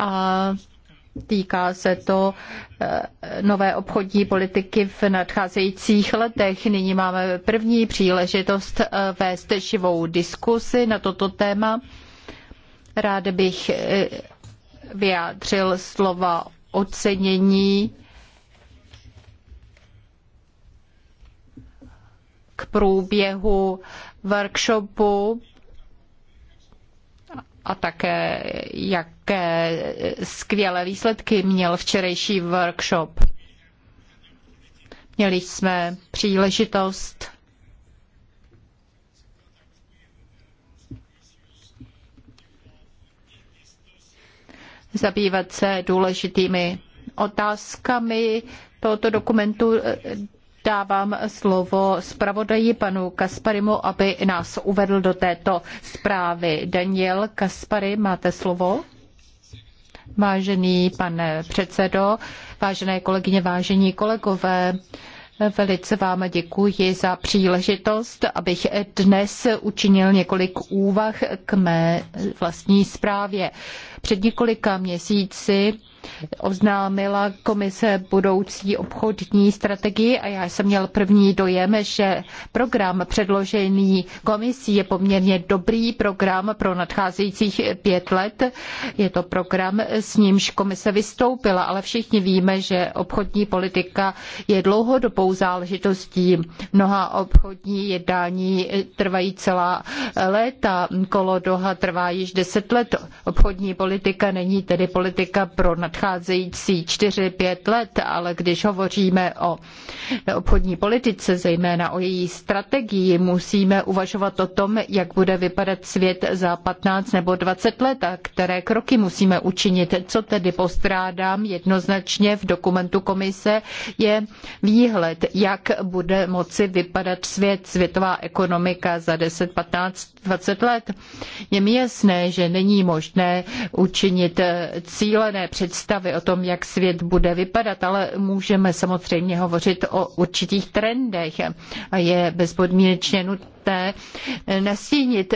a Týká se to eh, nové obchodní politiky v nadcházejících letech. Nyní máme první příležitost eh, vést živou diskusi na toto téma. Rád bych eh, vyjádřil slova ocenění k průběhu workshopu a také jak Jaké skvělé výsledky měl včerejší workshop? Měli jsme příležitost zabývat se důležitými otázkami tohoto dokumentu. Dávám slovo zpravodaji panu Kasparimu, aby nás uvedl do této zprávy. Daniel Kaspary, máte slovo? Vážený pane předsedo, vážené kolegyně, vážení kolegové, Velice vám děkuji za příležitost, abych dnes učinil několik úvah k mé vlastní zprávě. Před několika měsíci oznámila komise budoucí obchodní strategii a já jsem měl první dojem, že program předložený komisí je poměrně dobrý program pro nadcházejících pět let. Je to program, s nímž komise vystoupila, ale všichni víme, že obchodní politika je dlouhodobou záležitostí. Mnoha obchodní jednání trvají celá léta, kolo Doha trvá již deset let, obchodní politika politika není tedy politika pro nadcházející 4-5 let, ale když hovoříme o obchodní politice, zejména o její strategii, musíme uvažovat o tom, jak bude vypadat svět za 15 nebo 20 let a které kroky musíme učinit. Co tedy postrádám jednoznačně v dokumentu komise je výhled, jak bude moci vypadat svět, světová ekonomika za 10-15 20 let. Je mi jasné, že není možné učinit eh, cílené představy o tom, jak svět bude vypadat, ale můžeme samozřejmě hovořit o určitých trendech a je bezpodmínečně nutné eh, nastínit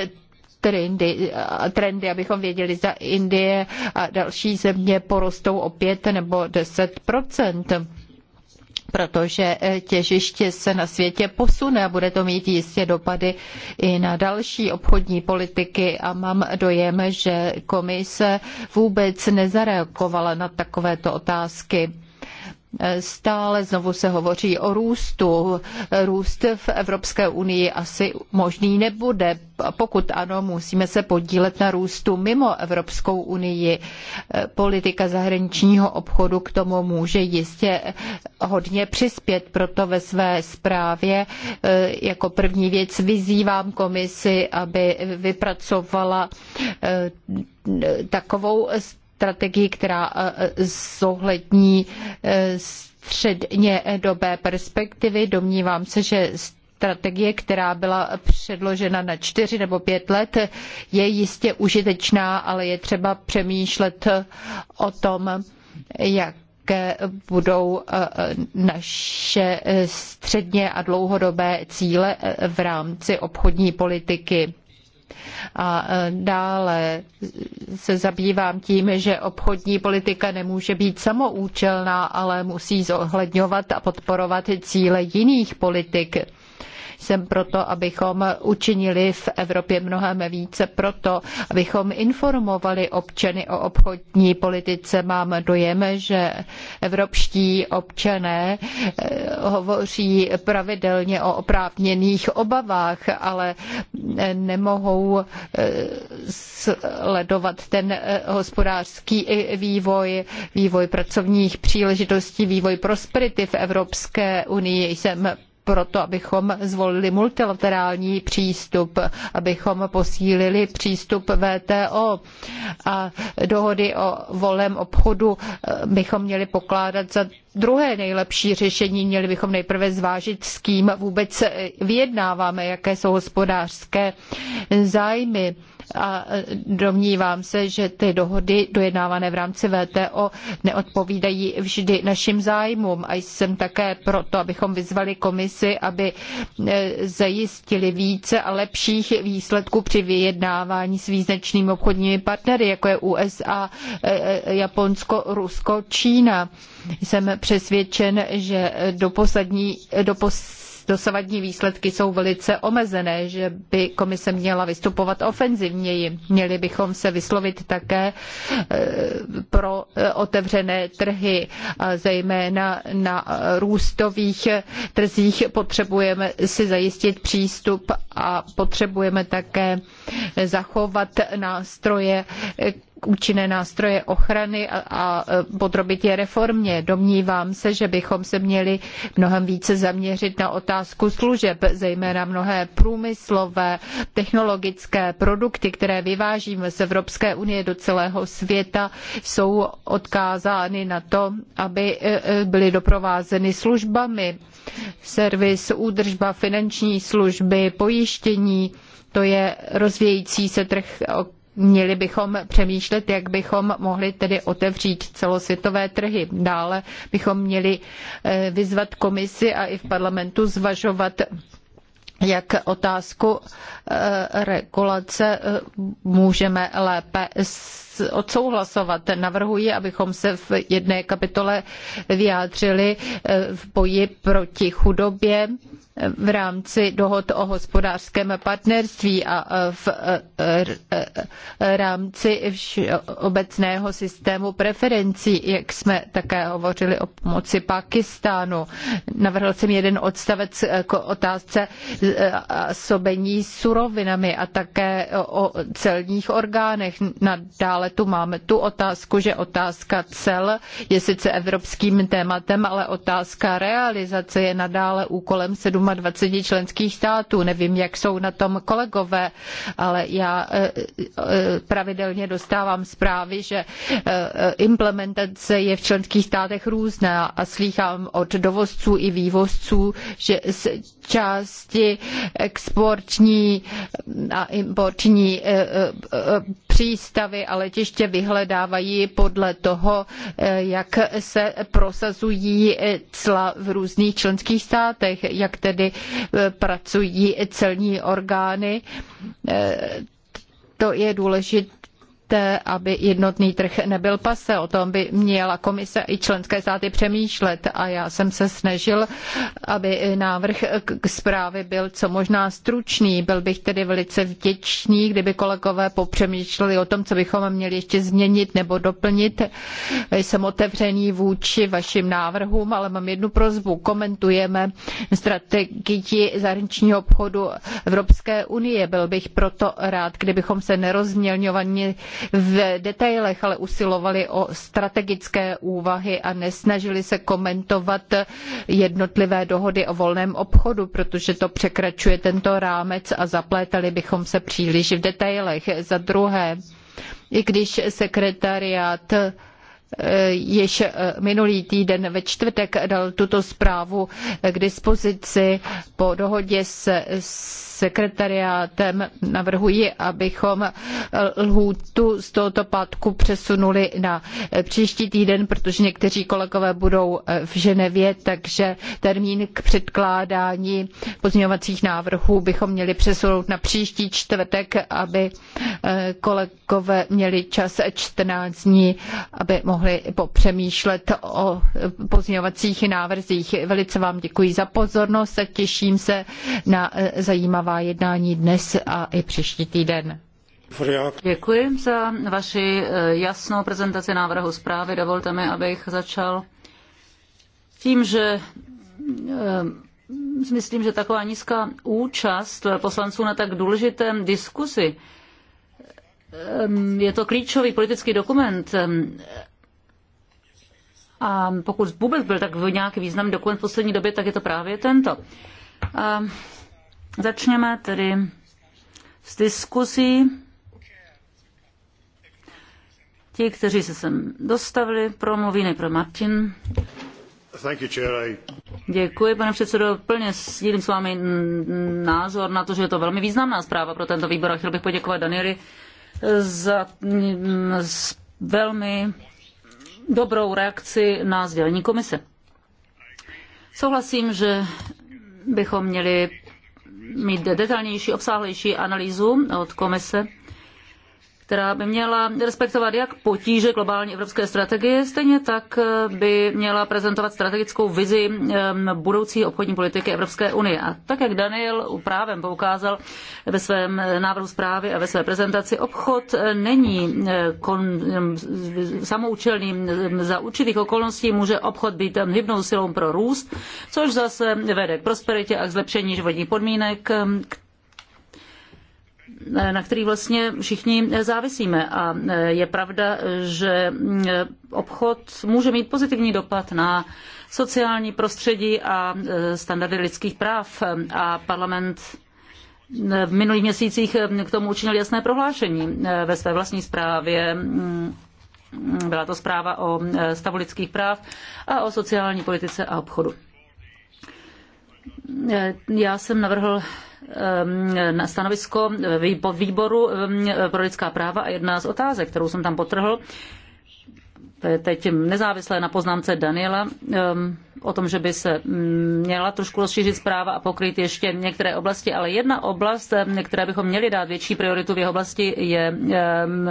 trendy, eh, trendy, abychom věděli, zda Indie a další země porostou o 5 nebo 10 protože eh, těžiště se na světě posune a bude to mít jistě dopady i na další obchodní politiky a mám dojem, že komise vůbec nezareagovala na takovéto otázky. Stále znovu se hovoří o růstu. Růst v Evropské unii asi možný nebude. Pokud ano, musíme se podílet na růstu mimo Evropskou unii. Politika zahraničního obchodu k tomu může jistě hodně přispět. Proto ve své zprávě e, jako první věc vyzývám komisi, aby vypracovala e, takovou strategii, která e, e, zohlední e, středně dobé perspektivy. Domnívám se, že strategie, která byla předložena na čtyři nebo pět let, je jistě užitečná, ale je třeba přemýšlet o tom, jak jaké budou naše středně a dlouhodobé cíle v rámci obchodní politiky. A e, dále se zabývám tím, že obchodní politika nemůže být samoúčelná, ale musí zohledňovat a podporovat cíle jiných politik jsem proto, abychom učinili v Evropě mnohem více proto, abychom informovali občany o obchodní politice. Mám dojem, že evropští občané eh, hovoří pravidelně o oprávněných obavách, ale eh, nemohou eh, sledovat ten hospodářský vývoj, vývoj pracovních příležitostí, vývoj prosperity v Evropské unii. Jsem proto, abychom zvolili multilaterální přístup, abychom posílili přístup VTO a dohody o volném obchodu eh, bychom měli pokládat za druhé nejlepší řešení. Měli bychom nejprve zvážit, s kým vůbec eh, vyjednáváme, jaké jsou hospodářské zájmy a e, domnívám se, že ty dohody dojednávané v rámci VTO neodpovídají vždy našim zájmům a jsem také proto, abychom vyzvali komisi, aby e, zajistili více a lepších výsledků při vyjednávání s význačnými obchodními partnery, jako je USA, e, Japonsko, Rusko, Čína. Jsem přesvědčen, že do poslední, do poslední dosavadní výsledky jsou velice omezené, že by komise měla vystupovat ofenzivněji. Měli bychom se vyslovit také eh, pro eh, otevřené trhy, zejména na růstových trzích potřebujeme si zajistit přístup a potřebujeme také zachovat nástroje, účinné nástroje ochrany a, a e, podrobit je reformě. Domnívám se, že bychom se měli mnohem více zaměřit na otázku služeb, zejména mnohé průmyslové, technologické produkty, které vyvážíme z Evropské unie do celého světa, jsou odkázány na to, aby e, e, byly doprovázeny službami. Servis, údržba, finanční služby, pojištění, to je rozvějící se trh, o Měli bychom přemýšlet, jak bychom mohli tedy otevřít celosvětové trhy. Dále bychom měli eh, vyzvat komisi a i v parlamentu zvažovat jak otázku eh, regulace eh, můžeme lépe odsouhlasovat. Navrhuji, abychom se v jedné kapitole vyjádřili eh, v boji proti chudobě v rámci dohod o hospodářském partnerství a eh, v eh, rámci obecného systému preferencí, jak jsme také hovořili o pomoci Pakistánu. Navrhl jsem jeden odstavec k otázce sobení surovinami a také o celních orgánech. Nadále ale tu máme tu otázku, že otázka cel je sice evropským tématem, ale otázka realizace je nadále úkolem 27 členských států. Nevím, jak jsou na tom kolegové, ale já eh, eh, pravidelně dostávám zprávy, že eh, implementace je v členských státech různá a slýchám od dovozců i vývozců, že z části exportní a importní přístavy a letiště vyhledávají podle toho, eh, jak se prosazují eh, cla v různých členských státech, jak tedy eh, pracují celní orgány. To je důležité důležité, aby jednotný trh nebyl pase. O tom by měla komise i členské státy přemýšlet a já jsem se snažil, aby návrh k zprávy byl co možná stručný. Byl bych tedy velice vděčný, kdyby kolegové popřemýšleli o tom, co bychom měli ještě změnit nebo doplnit. Jsem otevřený vůči vašim návrhům, ale mám jednu prozbu. Komentujeme strategii zahraničního obchodu Evropské unie. Byl bych proto rád, kdybychom se nerozmělňovaně v detailech, ale usilovali o strategické úvahy a nesnažili se komentovat jednotlivé dohody o volném obchodu, protože to překračuje tento rámec a zaplétali bychom se příliš v detailech. Za druhé, i když sekretariát Eh, již eh, minulý týden ve čtvrtek dal tuto zprávu eh, k dispozici po dohodě s sekretariátem. Navrhuji, abychom lhůtu z tohoto pátku přesunuli na příští týden, protože někteří kolegové budou v Ženevě, takže termín k předkládání pozměňovacích návrhů bychom měli přesunout na příští čtvrtek, aby kolegové měli čas 14 dní, aby mohli mohli popřemýšlet o pozměňovacích návrzích. Velice vám děkuji za pozornost a těším se na zajímavá jednání dnes a i příští týden. Děkuji za vaši eh, jasnou prezentaci návrhu zprávy. Dovolte mi, abych začal tím, že eh, myslím, že taková nízká účast poslanců na tak důležitém diskusi eh, je to klíčový politický dokument a pokud vůbec byl tak nějaký významný dokument v poslední době, tak je to právě tento. A začněme tedy s diskusí. Ti, kteří se sem dostavili, promluví nejprve Martin. Děkuji, pane předsedo. Plně sdílím s vámi názor na to, že je to velmi významná zpráva pro tento výbor a chtěl bych poděkovat Danieli za velmi dobrou reakci na sdělení komise. Souhlasím, že bychom měli mít detailnější, obsáhlejší analýzu od komise která by měla respektovat jak potíže globální evropské strategie, stejně tak eh, by měla prezentovat strategickou vizi ehm, budoucí obchodní politiky Evropské unie. A tak, jak Daniel právem poukázal ve svém eh, návrhu zprávy a ve své prezentaci, obchod eh, není kon, ehm, ehm, Za určitých okolností může obchod být hybnou silou pro růst, což zase vede k prosperitě a k zlepšení životních podmínek, na který vlastně všichni závisíme. A je pravda, že obchod může mít pozitivní dopad na sociální prostředí a standardy lidských práv. A parlament v minulých měsících k tomu učinil jasné prohlášení ve své vlastní zprávě. Byla to zpráva o stavu lidských práv a o sociální politice a obchodu. Já jsem navrhl Ehm, na stanovisko výboru ehm, pro lidská práva a jedna z otázek, kterou jsem tam potrhl, teď nezávislé na poznámce Daniela ehm, o tom, že by se mm, měla trošku rozšířit zpráva a pokryt ještě některé oblasti, ale jedna oblast, které bychom měli dát větší prioritu v jeho oblasti, je e,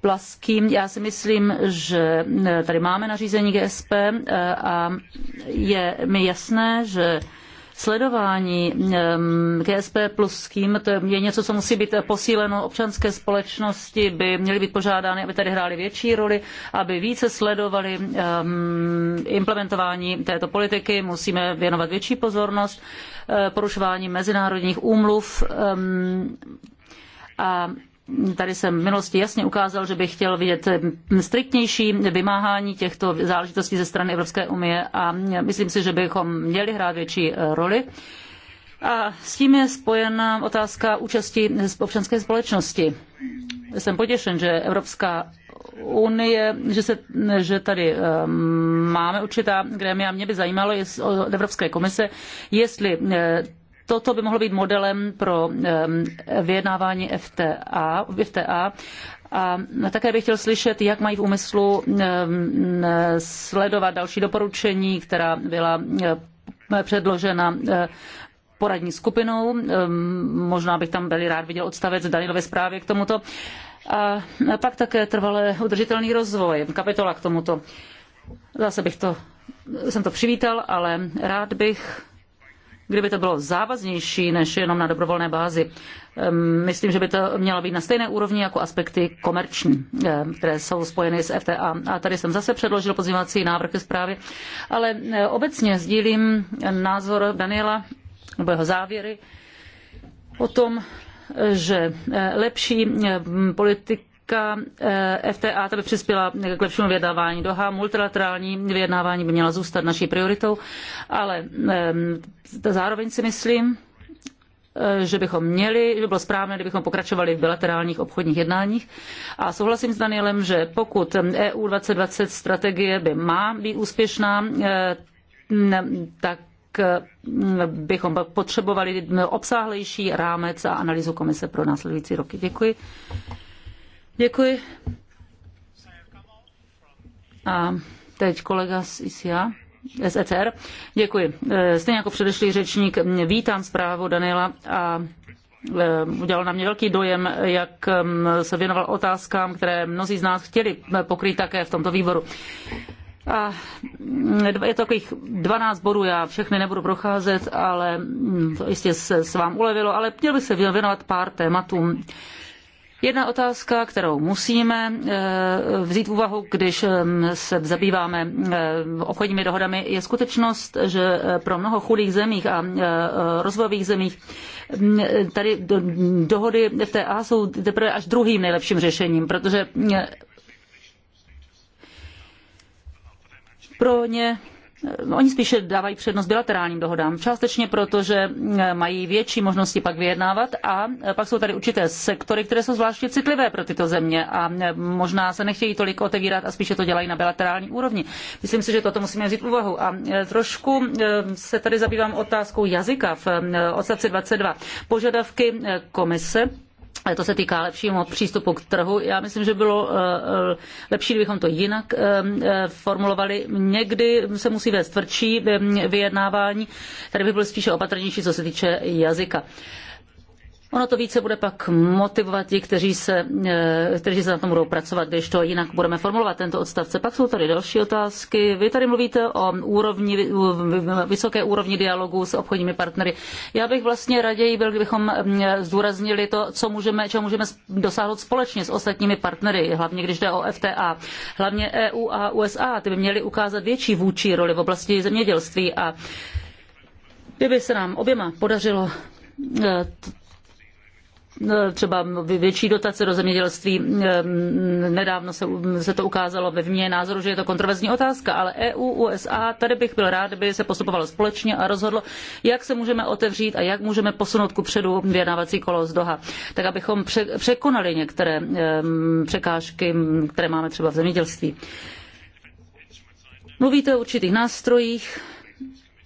Plasky. Já si myslím, že e, tady máme nařízení GSP e, a je mi jasné, že Sledování ehm, GSP plus s kým, to je něco, co musí být posíleno. Občanské společnosti by měly být požádány, aby tady hrály větší roli, aby více sledovali ehm, implementování této politiky. Musíme věnovat větší pozornost eh, porušování mezinárodních úmluv ehm, a Tady jsem v minulosti jasně ukázal, že bych chtěl vidět striktnější vymáhání těchto záležitostí ze strany Evropské unie a myslím si, že bychom měli hrát větší roli. A s tím je spojena otázka účasti občanské společnosti. Jsem potěšen, že Evropská unie, že, se, že tady ehm, máme určitá grémia. Mě by zajímalo od Evropské komise, jestli eh, Toto by mohlo být modelem pro vyjednávání FTA, FTA a také bych chtěl slyšet, jak mají v úmyslu sledovat další doporučení, která byla předložena eh, poradní skupinou. Možná bych tam byl rád viděl odstavec Danilové zprávy k tomuto. A pak také trvalé udržitelný rozvoj, kapitola k tomuto. Zase bych to, jsem to přivítal, ale rád bych kdyby to bylo závaznější než jenom na dobrovolné bázi. Myslím, že by to mělo být na stejné úrovni jako aspekty komerční, které jsou spojeny s FTA. A tady jsem zase předložil pozměňovací návrh ke zprávě, ale e, obecně sdílím názor Daniela nebo jeho závěry o tom, e, že e, lepší politika Ka eh, FTA by přispěla k lepšímu vyjednávání Doha. Multilaterální vyjednávání by měla zůstat naší prioritou, ale eh, zároveň si myslím, eh, že bychom měli, že by bylo správné, kdybychom pokračovali v bilaterálních obchodních jednáních. A souhlasím s Danielem, že pokud EU 2020 strategie by má být úspěšná, tak bychom potřebovali obsáhlejší rámec a analýzu komise pro následující roky. Děkuji. Děkuji. A teď kolega z ICA. SECR. Děkuji. E, stejně jako předešlý řečník, vítám zprávu Daniela a e, udělal na mě velký dojem, jak se věnoval otázkám, které mnozí z nás chtěli e, pokrýt také v tomto výboru. A je to takových 12 bodů, já všechny nebudu procházet, ale to jistě se, se vám ulevilo, ale chtěl bych se věnovat pár tématům Jedna otázka, kterou musíme eh, vzít v úvahu, když ehm, se zabýváme eh, obchodními dohodami, je skutečnost, že eh, pro mnoho chudých zemích a rozvojových zemích mm, tady dohody FTA jsou teprve až druhým nejlepším řešením, protože mm, pro ně No, oni spíše dávají přednost bilaterálním dohodám, částečně proto, že eh, mají větší možnosti pak vyjednávat a eh, pak jsou tady určité sektory, které jsou zvláště citlivé pro tyto země a eh, možná se nechtějí tolik otevírat a spíše to dělají na bilaterální úrovni. Myslím si, že toto musíme vzít v úvahu. A trošku se tady zabývám otázkou jazyka v odstavci 22. Požadavky komise to se týká lepšího přístupu k trhu. Já myslím, že bylo eh, eh, lepší, kdybychom to jinak eh, formulovali. Někdy se musí vést tvrdší vyjednávání. Tady by byl spíše opatrnější, co se týče jazyka. Ono to více bude pak motivovat ti, kteří se, eh, kteří se na tom budou pracovat, když to jinak budeme formulovat tento odstavce. Pak jsou tady další otázky. Vy tady mluvíte o úrovni, vysoké úrovni dialogu s obchodními partnery. Já bych vlastně raději byl, kdybychom mm, zdůraznili to, co můžeme, čeho můžeme dosáhnout společně s ostatními partnery, hlavně když jde o FTA. Hlavně EU a USA, ty by měly ukázat větší vůči roli v oblasti zemědělství a kdyby se nám oběma podařilo eh, No, třeba větší dotace do zemědělství. Nedávno se, se to ukázalo ve vně názoru, že je to kontroverzní otázka, ale EU, USA, tady bych byl rád, by se postupovalo společně a rozhodlo, jak se můžeme otevřít a jak můžeme posunout ku předu vyjednávací kolo z Doha, tak abychom překonali některé překážky, které máme třeba v zemědělství. Mluvíte o určitých nástrojích,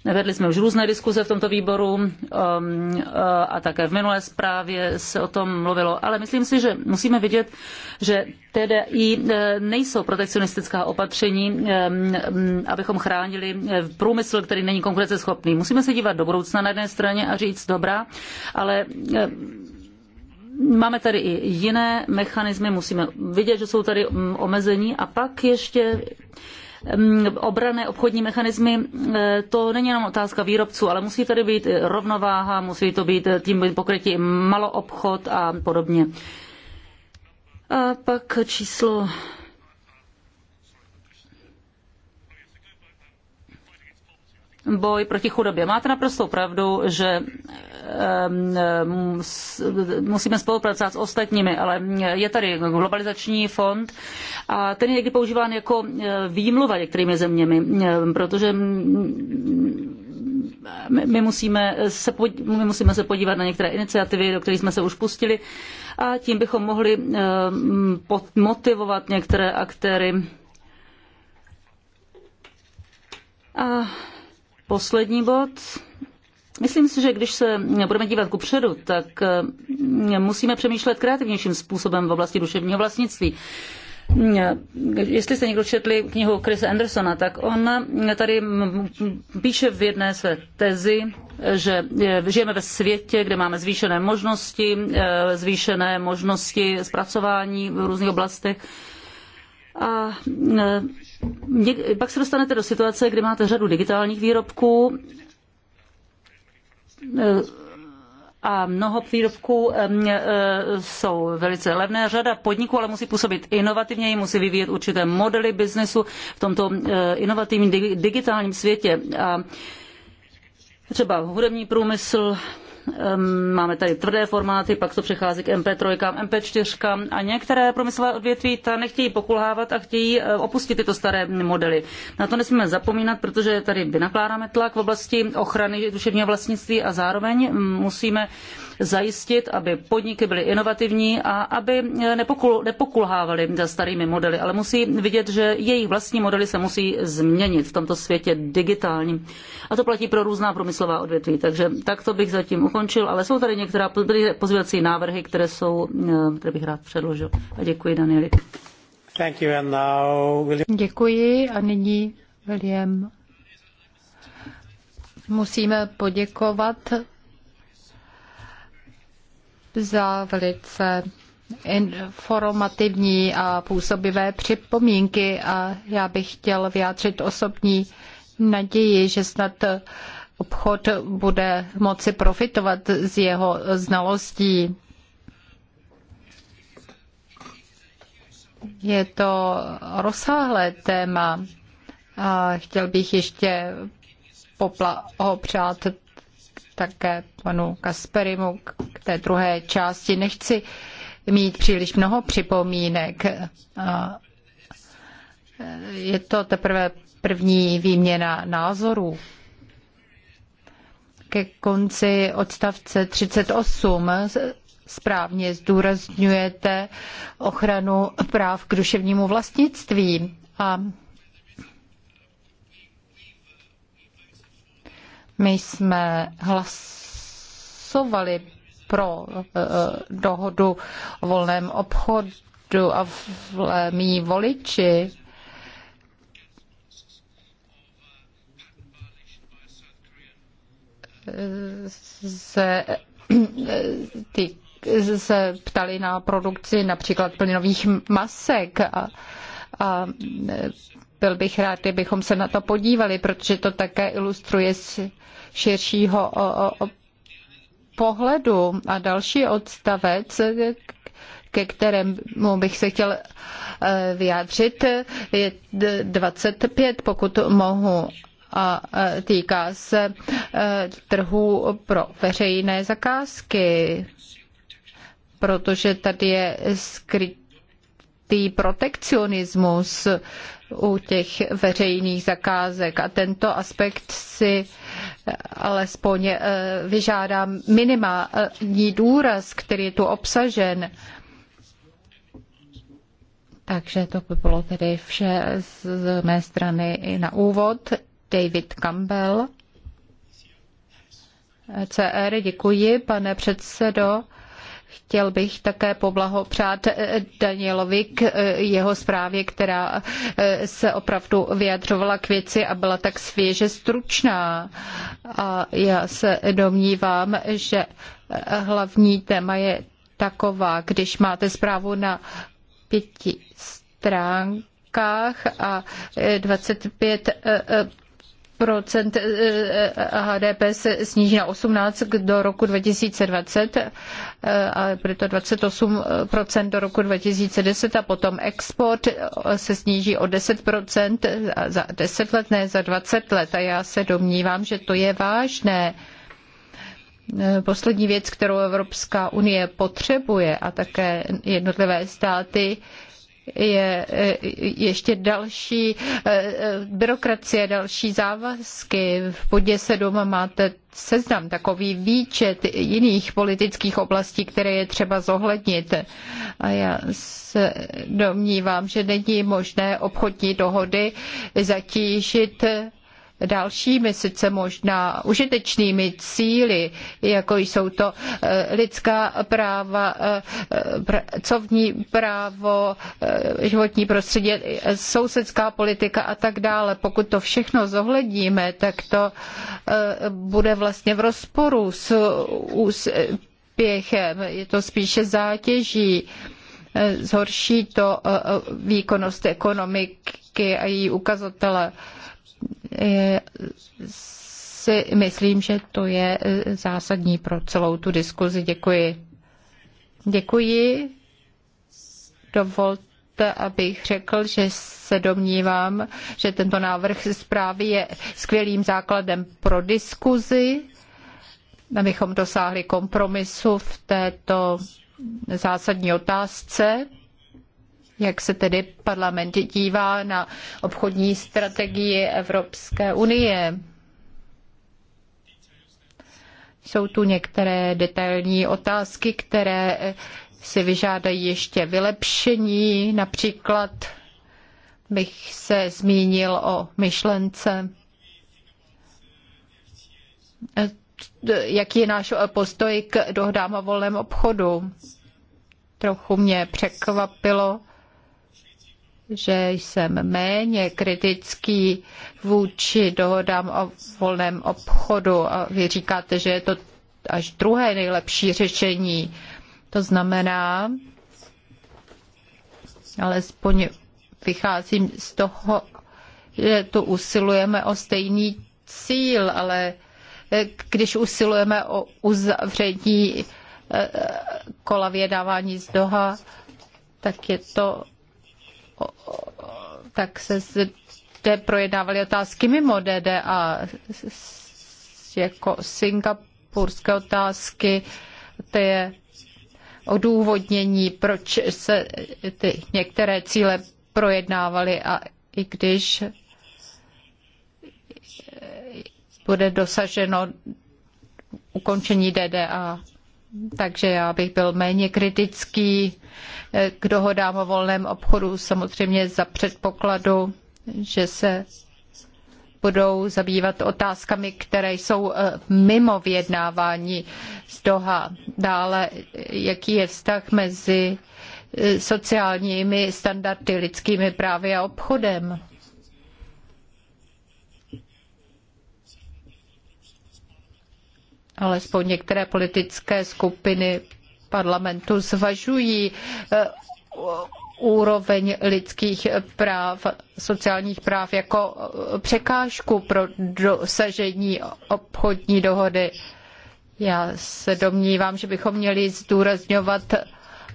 Vedli jsme už různé diskuze v tomto výboru um, uh, a také v minulé zprávě se o tom mluvilo, ale myslím si, že musíme vidět, že TDI eh, nejsou protekcionistická opatření, eh, mm, abychom chránili eh, průmysl, který není konkurenceschopný. Musíme se dívat do budoucna na jedné straně a říct dobrá, ale Máme tady i jiné mechanismy, musíme vidět, že jsou tady mm, omezení a pak ještě obrané obchodní mechanismy, eh, to není jenom otázka výrobců, ale musí tady být rovnováha, musí to být eh, tím pokrytí maloobchod a podobně. A pak číslo boj proti chudobě. Máte naprostou pravdu, že musíme spolupracovat s ostatními, ale je tady globalizační fond a ten je někdy používán jako e, výmluva některými zeměmi, e, protože my musíme, se, my musíme se podívat na některé iniciativy, do kterých jsme se už pustili a tím bychom mohli motivovat některé aktéry. A poslední bod. Myslím si, že když se budeme dívat ku předu, tak eh, musíme přemýšlet kreativnějším způsobem v oblasti duševního vlastnictví eh, jestli jste někdo četli knihu Chrise Andersona, tak on tady píše v jedné své tezi, že žijeme ve světě, kde máme zvýšené možnosti, eh, zvýšené možnosti zpracování v různých oblastech. A pak se dostanete do situace, kdy máte řadu digitálních výrobků eh, a mnoho výrobků eh, jsou velice levné. Řada podniků ale musí působit inovativněji, musí vyvíjet určité modely biznesu v tomto eh, inovativním digitálním světě. A třeba hudební průmysl Ehm, máme tady tvrdé formáty, pak to přechází k MP3, MP4 a některé promyslové odvětví ta nechtějí pokulhávat a chtějí eh, opustit tyto staré modely. Na to nesmíme zapomínat, protože tady vynakládáme tlak v oblasti ochrany duševního vlastnictví a zároveň mm, musíme zajistit, aby podniky byly inovativní a aby nepokulhávaly za starými modely, ale musí vidět, že jejich vlastní modely se musí změnit v tomto světě digitálním. A to platí pro různá průmyslová odvětví. Takže takto bych zatím ukončil, ale jsou tady některá pozvědací návrhy, které, jsou, eh, které bych rád předložil. A děkuji, Danieli. Now, Děkuji a nyní William. Musíme poděkovat za velice informativní a působivé připomínky a já bych chtěl vyjádřit osobní naději, že snad obchod bude moci profitovat z jeho znalostí. Je to rozsáhlé téma a chtěl bych ještě popla opřát také panu Kasperimu k té druhé části. Nechci mít příliš mnoho připomínek. E, je to teprve první výměna názorů. Ke konci odstavce 38 správně zdůrazňujete ochranu práv k duševnímu vlastnictví a My jsme hlasovali pro e, e, dohodu o volném obchodu a mý voliči se, ty, se ptali na produkci například plynových masek a, a byl bych rád, kdybychom se na to podívali, protože to také ilustruje z širšího pohledu. A další odstavec, ke kterému bych se chtěl eh, vyjádřit, je 25, pokud mohu a eh, týká se eh, trhu pro veřejné zakázky, protože tady je skryt určitý protekcionismus u těch veřejných zakázek a tento aspekt si eh, alespoň eh, vyžádá minimální důraz, který je tu obsažen. Takže to by bylo tedy vše z mé strany i na úvod. David Campbell. CR, děkuji, pane předsedo. Chtěl bych také poblahopřát eh, Danielovi k eh, jeho zprávě, která eh, se opravdu vyjadřovala k věci a byla tak svěže stručná. A já se domnívám, že hlavní téma je taková, když máte zprávu na pěti stránkách a 25 procent HDP eh, eh, se sníží na 18 do roku 2020 eh, a proto 28 do roku 2010 a potom export se sníží o 10 procent za 10 let, ne za 20 let a já se domnívám, že to je vážné. Poslední věc, kterou Evropská unie potřebuje a také jednotlivé státy, je e, ještě další e, e, byrokracie, další závazky. V bodě doma máte seznam, takový výčet jiných politických oblastí, které je třeba zohlednit. A já se domnívám, že není možné obchodní dohody zatížit dalšími, sice možná užitečnými cíly, jako jsou to eh, lidská práva, eh, eh, pracovní právo, životní prostředí, sousedská politika a tak dále. Pokud to všechno zohledníme, tak to bude vlastně v rozporu s úspěchem. Je to spíše zátěží zhorší to výkonnost ekonomiky a její ukazatele si myslím, že to je e, zásadní pro celou tu diskuzi. Děkuji. Děkuji. Dovolte, abych řekl, že se domnívám, že tento návrh zprávy je skvělým základem pro diskuzi, abychom dosáhli kompromisu v této zásadní otázce. Jak se tedy parlament dívá na obchodní strategii Evropské unie? Jsou tu některé detailní otázky, které si vyžádají ještě vylepšení. Například bych se zmínil o myšlence jaký je náš postoj k dohodám o volném obchodu. Trochu mě překvapilo, že jsem méně kritický vůči dohodám o volném obchodu. A vy říkáte, že je to až druhé nejlepší řešení. To znamená, alespoň vycházím z toho, že tu usilujeme o stejný cíl, ale eh, když usilujeme o uzavření eh, kola vědávání z Doha, tak je to tak se zde projednávaly otázky mimo DDA, jako singapurské otázky, to je odůvodnění, proč se ty některé cíle projednávaly a i když bude dosaženo ukončení DDA takže já bych byl méně kritický eh, k dohodám o volném obchodu, samozřejmě za předpokladu, že se budou zabývat otázkami, které jsou eh, mimo vyjednávání z Doha. Dále, jaký je vztah mezi eh, sociálními standardy, lidskými právy a obchodem. alespoň některé politické skupiny parlamentu zvažují eh, úroveň lidských práv, sociálních práv jako eh, překážku pro dosažení obchodní dohody. Já se domnívám, že bychom měli zdůrazňovat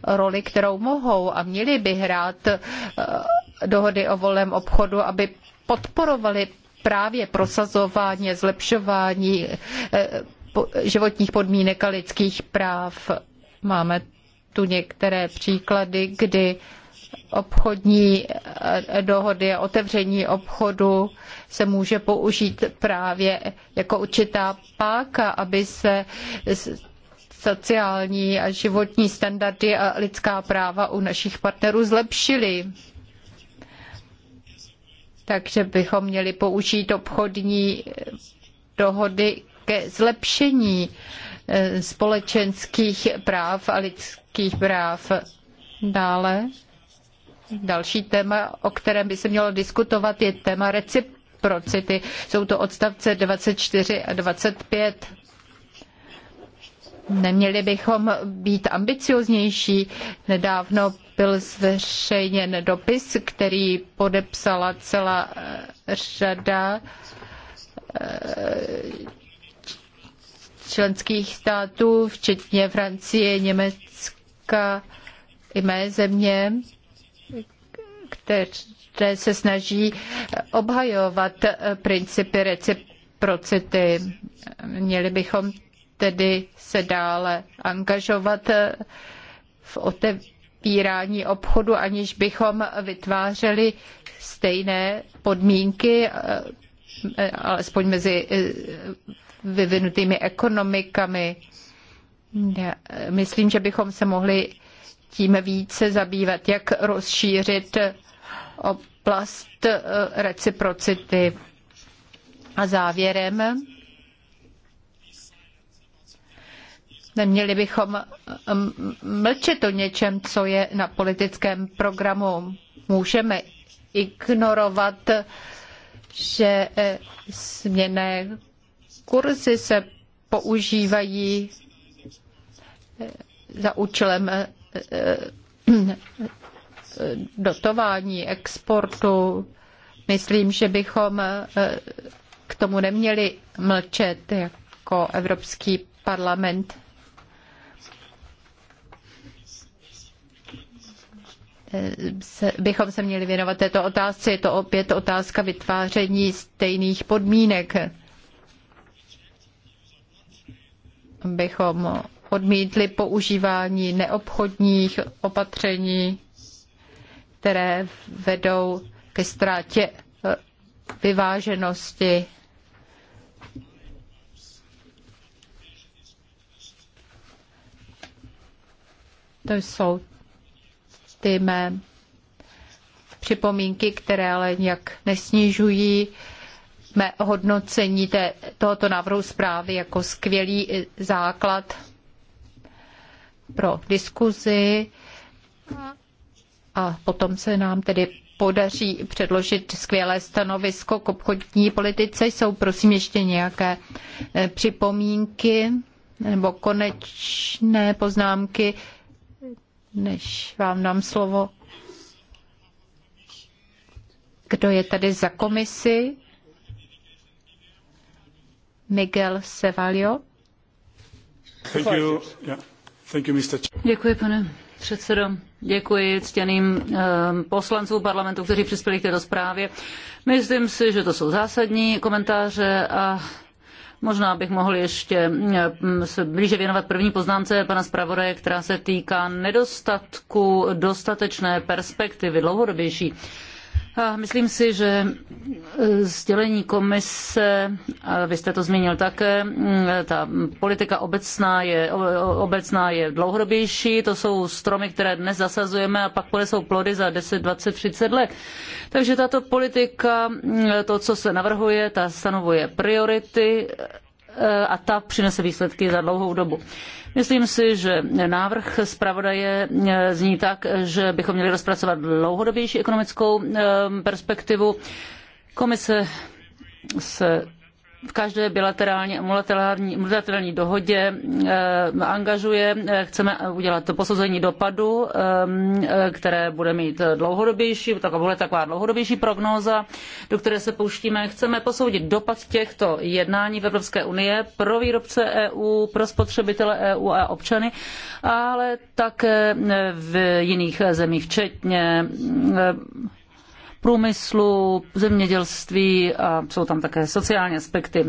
roli, kterou mohou a měli by hrát eh, dohody o volném obchodu, aby podporovali právě prosazování, zlepšování životních podmínek a lidských práv. Máme tu některé příklady, kdy obchodní eh, dohody a otevření obchodu se může použít právě jako určitá páka, aby se sociální a životní standardy a lidská práva u našich partnerů zlepšily. Takže bychom měli použít obchodní eh, dohody ke zlepšení eh, společenských práv a lidských práv. Dále další téma, o kterém by se mělo diskutovat, je téma reciprocity. Jsou to odstavce 24 a 25. Neměli bychom být ambicioznější. Nedávno byl zveřejněn dopis, který podepsala celá eh, řada eh, členských států, včetně Francie, Německa i mé země, které se snaží obhajovat principy reciprocity. Měli bychom tedy se dále angažovat v otevírání obchodu, aniž bychom vytvářeli stejné podmínky, alespoň mezi vyvinutými ekonomikami. Myslím, že bychom se mohli tím více zabývat, jak rozšířit oblast eh, reciprocity. A závěrem, neměli bychom eh, mlčet o něčem, co je na politickém programu. Můžeme ignorovat, že změny eh, kurzy se používají eh, za účelem eh, eh, dotování exportu. Myslím, že bychom k tomu neměli mlčet jako Evropský parlament. Bychom se měli věnovat této otázce. Je to opět otázka vytváření stejných podmínek. bychom odmítli používání neobchodních opatření, které vedou ke ztrátě eh, vyváženosti. To jsou ty mé připomínky, které ale nějak nesnižují mé hodnocení tohoto návrhu zprávy jako skvělý základ pro diskuzi a potom se nám tedy podaří předložit skvělé stanovisko k obchodní politice. Jsou prosím ještě nějaké eh, připomínky nebo konečné poznámky, než vám dám slovo. Kdo je tady za komisi? Miguel Sevalio. Děkuji, pane předsedo. Děkuji ctěným ehm, poslancům parlamentu, kteří přispěli k této zprávě. Myslím si, že to jsou zásadní komentáře a Možná bych mohl ještě ehm, se blíže věnovat první poznámce pana zpravodaje, která se týká nedostatku dostatečné perspektivy dlouhodobější myslím si, že e, sdělení komise, a vy jste to zmínil také, mm, ta politika obecná je, obecná je dlouhodobější, to jsou stromy, které dnes zasazujeme a pak jsou plody za 10, 20, 30 let. Takže tato politika, mm, to, co se navrhuje, ta stanovuje priority, Eh, a ta přinese výsledky za dlouhou dobu. Myslím si, že návrh zpravodaje eh, zní tak, že bychom měli rozpracovat dlouhodobější ekonomickou eh, perspektivu. Komise se v každé bilaterální a multilaterální dohodě eh, angažuje. Chceme udělat posouzení dopadu, eh, které bude mít dlouhodobější, tak bude taková dlouhodobější prognóza, do které se pouštíme. Chceme posoudit dopad těchto jednání v Evropské unie pro výrobce EU, pro spotřebitele EU a občany, ale také v jiných zemích, včetně eh, průmyslu, zemědělství a jsou tam také sociální aspekty.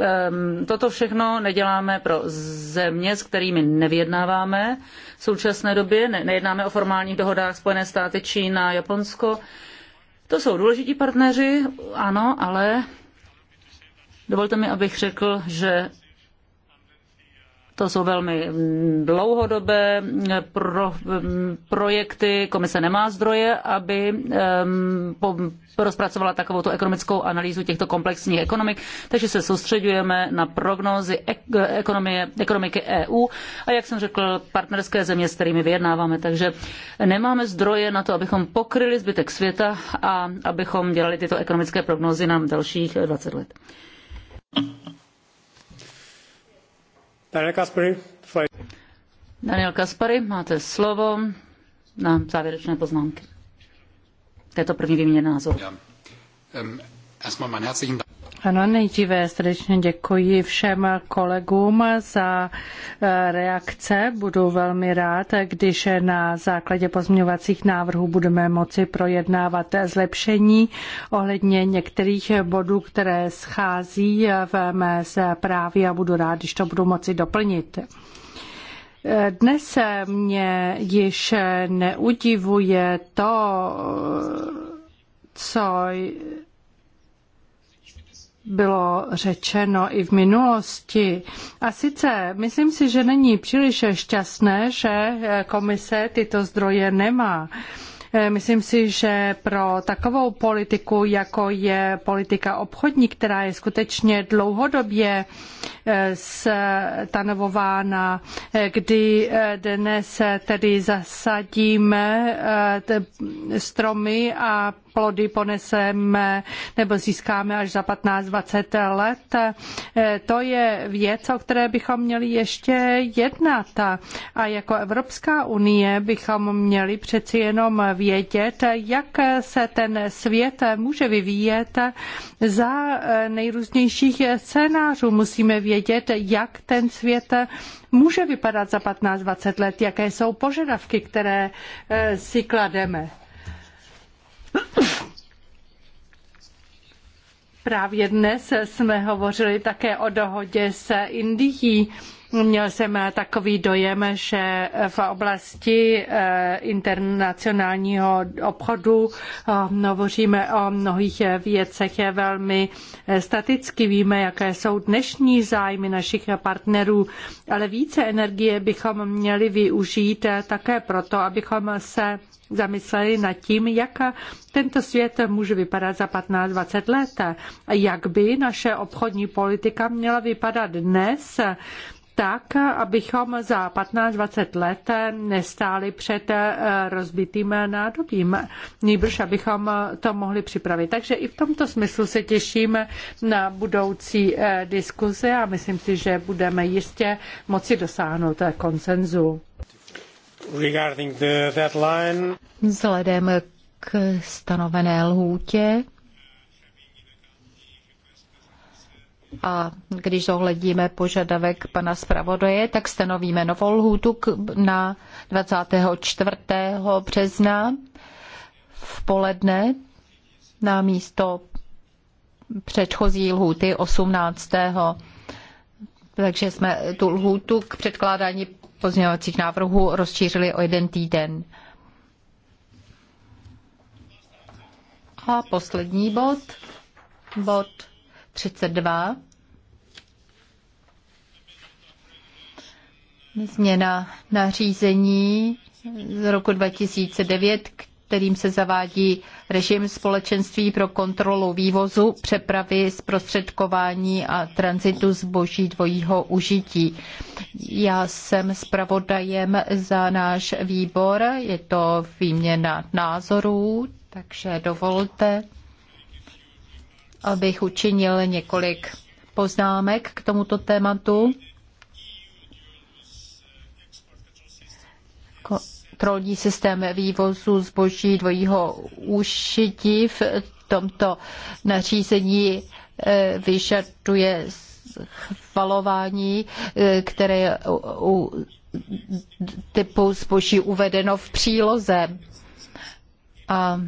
Ehm, toto všechno neděláme pro země, s kterými nevyjednáváme v současné době. Nejednáme o formálních dohodách Spojené státy, Čína, Japonsko. To jsou důležití partneři, ano, ale dovolte mi, abych řekl, že to jsou velmi mm, dlouhodobé eh, pro, mm, projekty. Komise nemá zdroje, aby um, po, rozpracovala takovou ekonomickou analýzu těchto komplexních ekonomik, takže se soustředujeme na prognózy ek, eh, ekonomie, ekonomiky EU a jak jsem řekl, partnerské země, s kterými vyjednáváme. Takže nemáme zdroje na to, abychom pokryli zbytek světa a abychom dělali tyto ekonomické prognózy na dalších 20 eh, let. Daniel Kaspary, máte slovo na závěrečné poznámky. to první výměně názoru. Ja. Um, ano, nejdříve srdečně děkuji všem kolegům za eh, reakce. Budu velmi rád, když na základě pozměňovacích návrhů budeme moci projednávat zlepšení ohledně některých bodů, které schází v mé zprávě a budu rád, když to budu moci doplnit. Dnes mě již neudivuje to, co bylo řečeno i v minulosti. A sice myslím si, že není příliš šťastné, že komise tyto zdroje nemá. Myslím si, že pro takovou politiku, jako je politika obchodní, která je skutečně dlouhodobě eh, stanovována, eh, kdy eh, dnes tedy zasadíme stromy a plody poneseme nebo získáme až za 15-20 let. To je věc, o které bychom měli ještě jednat. A jako Evropská unie bychom měli přeci jenom vědět, jak se ten svět může vyvíjet za nejrůznějších scénářů. Musíme vědět, jak ten svět může vypadat za 15-20 let, jaké jsou požadavky, které si klademe. Právě dnes jsme hovořili také o dohodě s Indií Měl jsem takový dojem, že v oblasti eh, internacionálního obchodu eh, no, hovoříme o mnohých věcech velmi eh, staticky. Víme, jaké jsou dnešní zájmy našich partnerů, ale více energie bychom měli využít také proto, abychom se zamysleli nad tím, jak tento svět může vypadat za 15-20 let. Jak by naše obchodní politika měla vypadat dnes, tak, abychom za 15-20 let nestáli před eh, rozbitým eh, nádobím, nejbrž abychom eh, to mohli připravit. Takže i v tomto smyslu se těším na budoucí diskuze a myslím si, že budeme jistě moci dosáhnout koncenzu. Vzhledem k stanovené lhůtě A když zohledíme požadavek pana zpravodaje, tak stanovíme novou lhůtu na 24. března v poledne na místo předchozí lhůty 18. Takže jsme tu lhůtu k předkládání pozměňovacích návrhů rozšířili o jeden týden. A poslední bod, bod 32. Změna nařízení z roku 2009, kterým se zavádí režim společenství pro kontrolu vývozu, přepravy, zprostředkování a tranzitu zboží dvojího užití. Já jsem zpravodajem za náš výbor, je to výměna názorů, takže dovolte, abych učinil několik poznámek k tomuto tématu. Kontrolní systém vývozu zboží dvojího ušití v tomto nařízení eh, vyžaduje schvalování, eh, které je u typu zboží uvedeno v příloze. A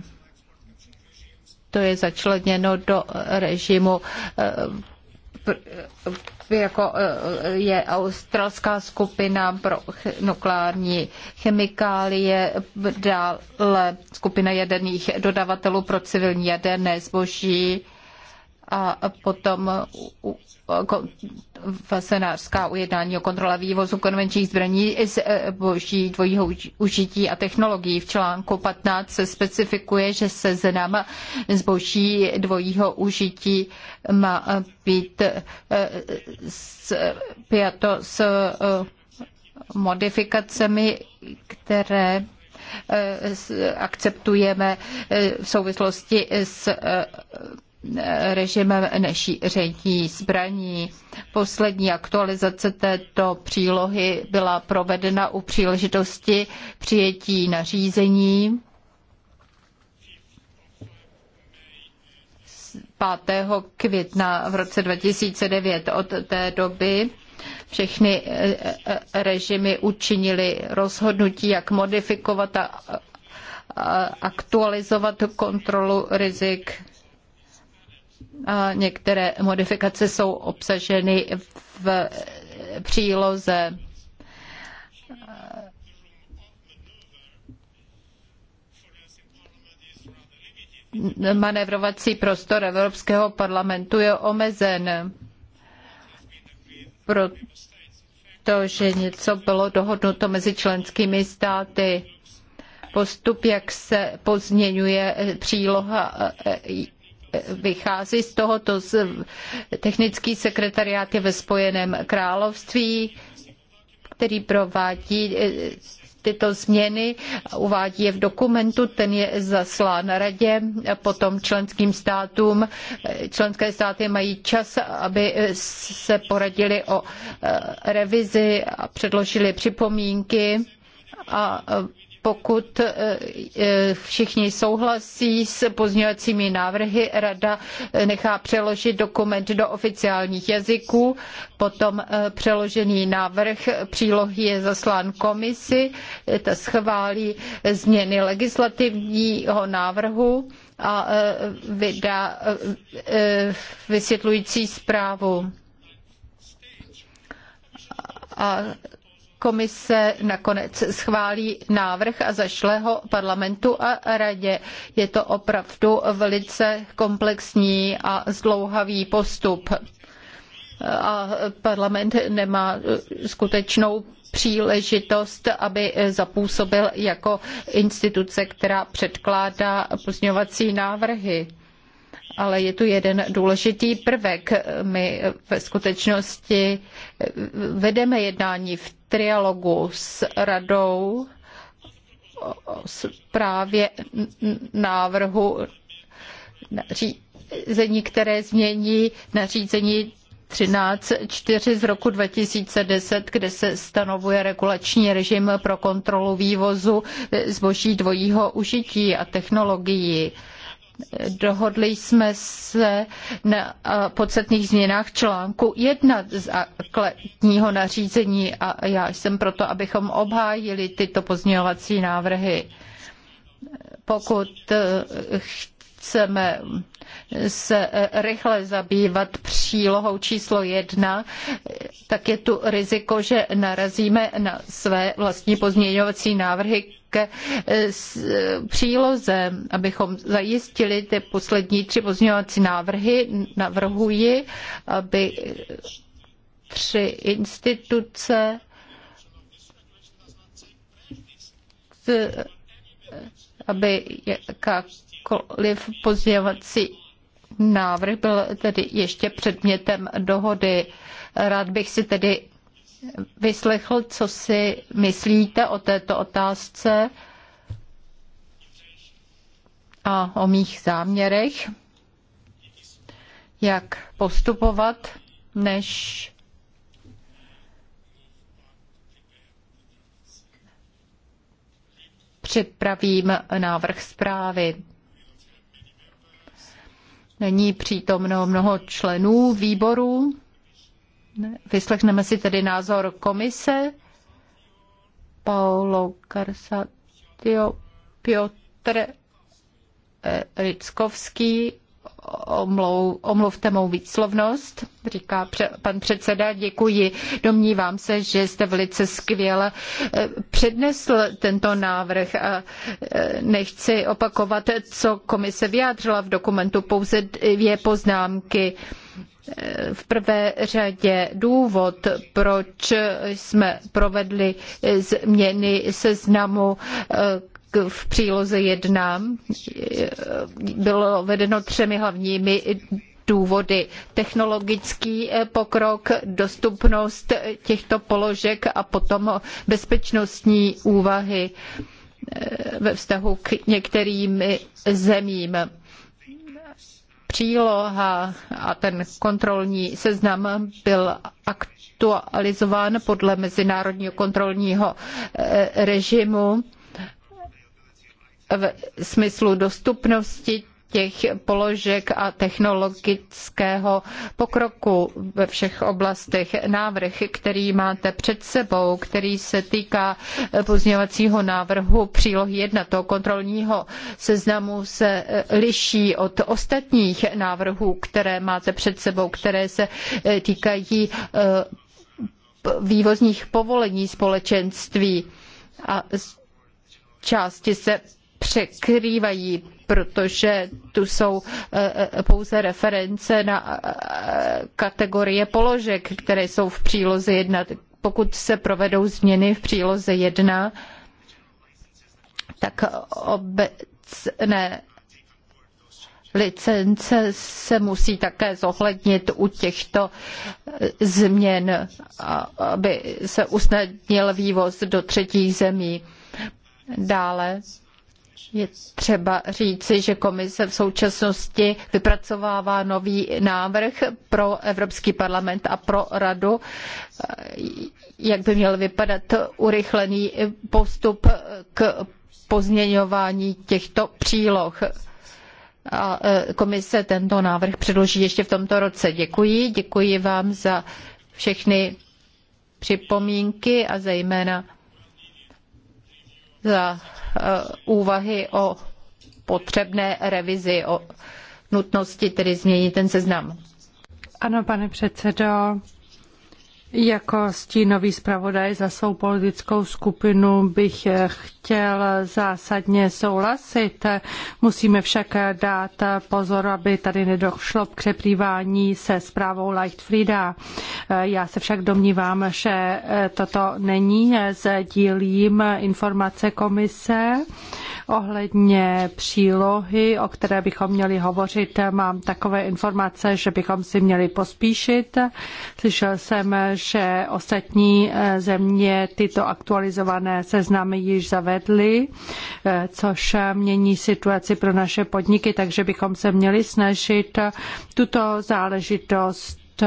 to je začleněno do režimu eh, jako eh, je australská skupina pro nukleární chemikálie, dále skupina jaderných dodavatelů pro civilní jaderné zboží, a potom senářská ujednání o kontrole vývozu konvenčních zbraní z e, boží dvojího užití a technologií. V článku 15 se specifikuje, že se seznam zboží dvojího užití má být spjato e, s e, modifikacemi, které akceptujeme v souvislosti s režimem nešíření zbraní. Poslední aktualizace této přílohy byla provedena u příležitosti přijetí nařízení 5. května v roce 2009. Od té doby všechny e, e, e, režimy učinili rozhodnutí, jak modifikovat a aktualizovat kontrolu rizik některé modifikace jsou obsaženy v příloze. Manevrovací prostor Evropského parlamentu je omezen, protože něco bylo dohodnuto mezi členskými státy postup, jak se pozměňuje příloha, vychází z tohoto. Technický sekretariát je ve Spojeném království, který provádí e, tyto změny, uvádí je v dokumentu, ten je zaslán radě, potom členským státům. E, členské státy mají čas, aby se poradili o e, revizi a předložili připomínky a pokud eh, eh, všichni souhlasí s pozměňovacími návrhy, rada eh, nechá přeložit dokument do oficiálních jazyků, potom přeložený návrh přílohy je zaslán komisi, ta schválí změny legislativního návrhu a vydá vysvětlující zprávu. A komise nakonec schválí návrh a zašle ho parlamentu a radě. Je to opravdu velice komplexní a zdlouhavý postup a parlament nemá skutečnou příležitost, aby zapůsobil jako instituce, která předkládá pozměňovací návrhy. Ale je tu jeden důležitý prvek. My ve skutečnosti vedeme jednání v trialogu s radou právě návrhu nařízení, které změní nařízení 13.4 z roku 2010, kde se stanovuje regulační režim pro kontrolu vývozu zboží dvojího užití a technologií. Dohodli jsme se na podstatných změnách článku 1 základního nařízení a já jsem proto, abychom obhájili tyto pozměňovací návrhy. Pokud e, chceme se eh, rychle zabývat přílohou číslo jedna, tak je tu riziko, že narazíme na své vlastní pozměňovací návrhy k eh, eh, příloze, abychom zajistili ty poslední tři pozměňovací návrhy. Navrhuji, aby tři instituce aby jakákoliv pozměňovací návrh byl tedy ještě předmětem dohody. Rád bych si tedy vyslechl, co si myslíte o této otázce a o mých záměrech, jak postupovat, než připravím návrh zprávy. Není přítomno mnoho členů výboru. Vyslechneme si tedy názor komise. Paolo Carsatio, Piotr eh, Rickovský omlou, omluvte mou výslovnost, říká pan předseda, děkuji. Domnívám se, že jste velice skvěle eh, přednesl tento návrh. A eh, nechci opakovat, co komise vyjádřila v dokumentu, pouze dvě poznámky. Eh, v prvé řadě důvod, proč jsme provedli změny seznamu v příloze 1 bylo vedeno třemi hlavními důvody. Technologický eh, pokrok, dostupnost těchto položek a potom bezpečnostní úvahy eh, ve vztahu k některým zemím. Příloha a ten kontrolní seznam byl aktualizován podle mezinárodního kontrolního eh, režimu v smyslu dostupnosti těch položek a technologického pokroku ve všech oblastech. Návrh, který máte před sebou, který se týká pozměňovacího návrhu přílohy 1 toho kontrolního seznamu, se liší od ostatních návrhů, které máte před sebou, které se týkají eh, vývozních povolení společenství a části se překrývají, protože tu jsou eh, eh, pouze reference na eh, kategorie položek, které jsou v příloze 1. Pokud se provedou změny v příloze 1, tak obecné licence se musí také zohlednit u těchto změn, aby se usnadnil vývoz do třetích zemí. Dále je třeba říci, že komise v současnosti vypracovává nový návrh pro Evropský parlament a pro radu, jak by měl vypadat urychlený postup k pozměňování těchto příloh. A e, komise tento návrh předloží ještě v tomto roce. Děkuji, děkuji vám za všechny připomínky a zejména za eh, úvahy o potřebné revizi, o nutnosti tedy změnit ten seznam. Ano, pane předsedo, jako stínový zpravodaj za svou politickou skupinu bych chtěl zásadně souhlasit. Musíme však dát pozor, aby tady nedošlo k přeprývání se zprávou Lightfrida. Já se však domnívám, že toto není, sdílím informace komise. Ohledně přílohy, o které bychom měli hovořit, mám takové informace, že bychom si měli pospíšit. Slyšel jsem, že ostatní eh, země tyto aktualizované seznamy již zavedly, eh, což mění situaci pro naše podniky, takže bychom se měli snažit tuto záležitost eh,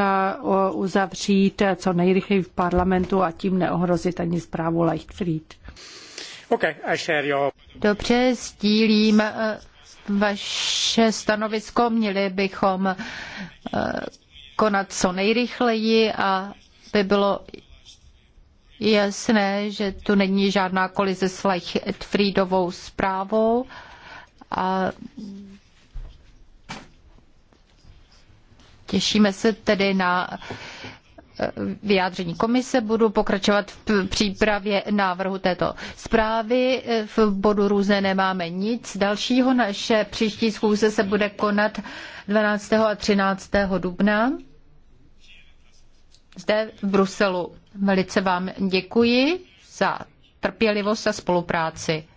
uzavřít co nejrychleji v parlamentu a tím neohrozit ani zprávu Leichtfried. Dobře, sdílím eh, vaše stanovisko. Měli bychom eh, konat co nejrychleji a by bylo jasné, že tu není žádná kolize s Leichtfriedovou zprávou. A těšíme se tedy na vyjádření komise. Budu pokračovat v přípravě návrhu této zprávy. V bodu různé nemáme nic dalšího. Naše příští schůze se bude konat 12. a 13. dubna zde v Bruselu. Velice vám děkuji za trpělivost a spolupráci.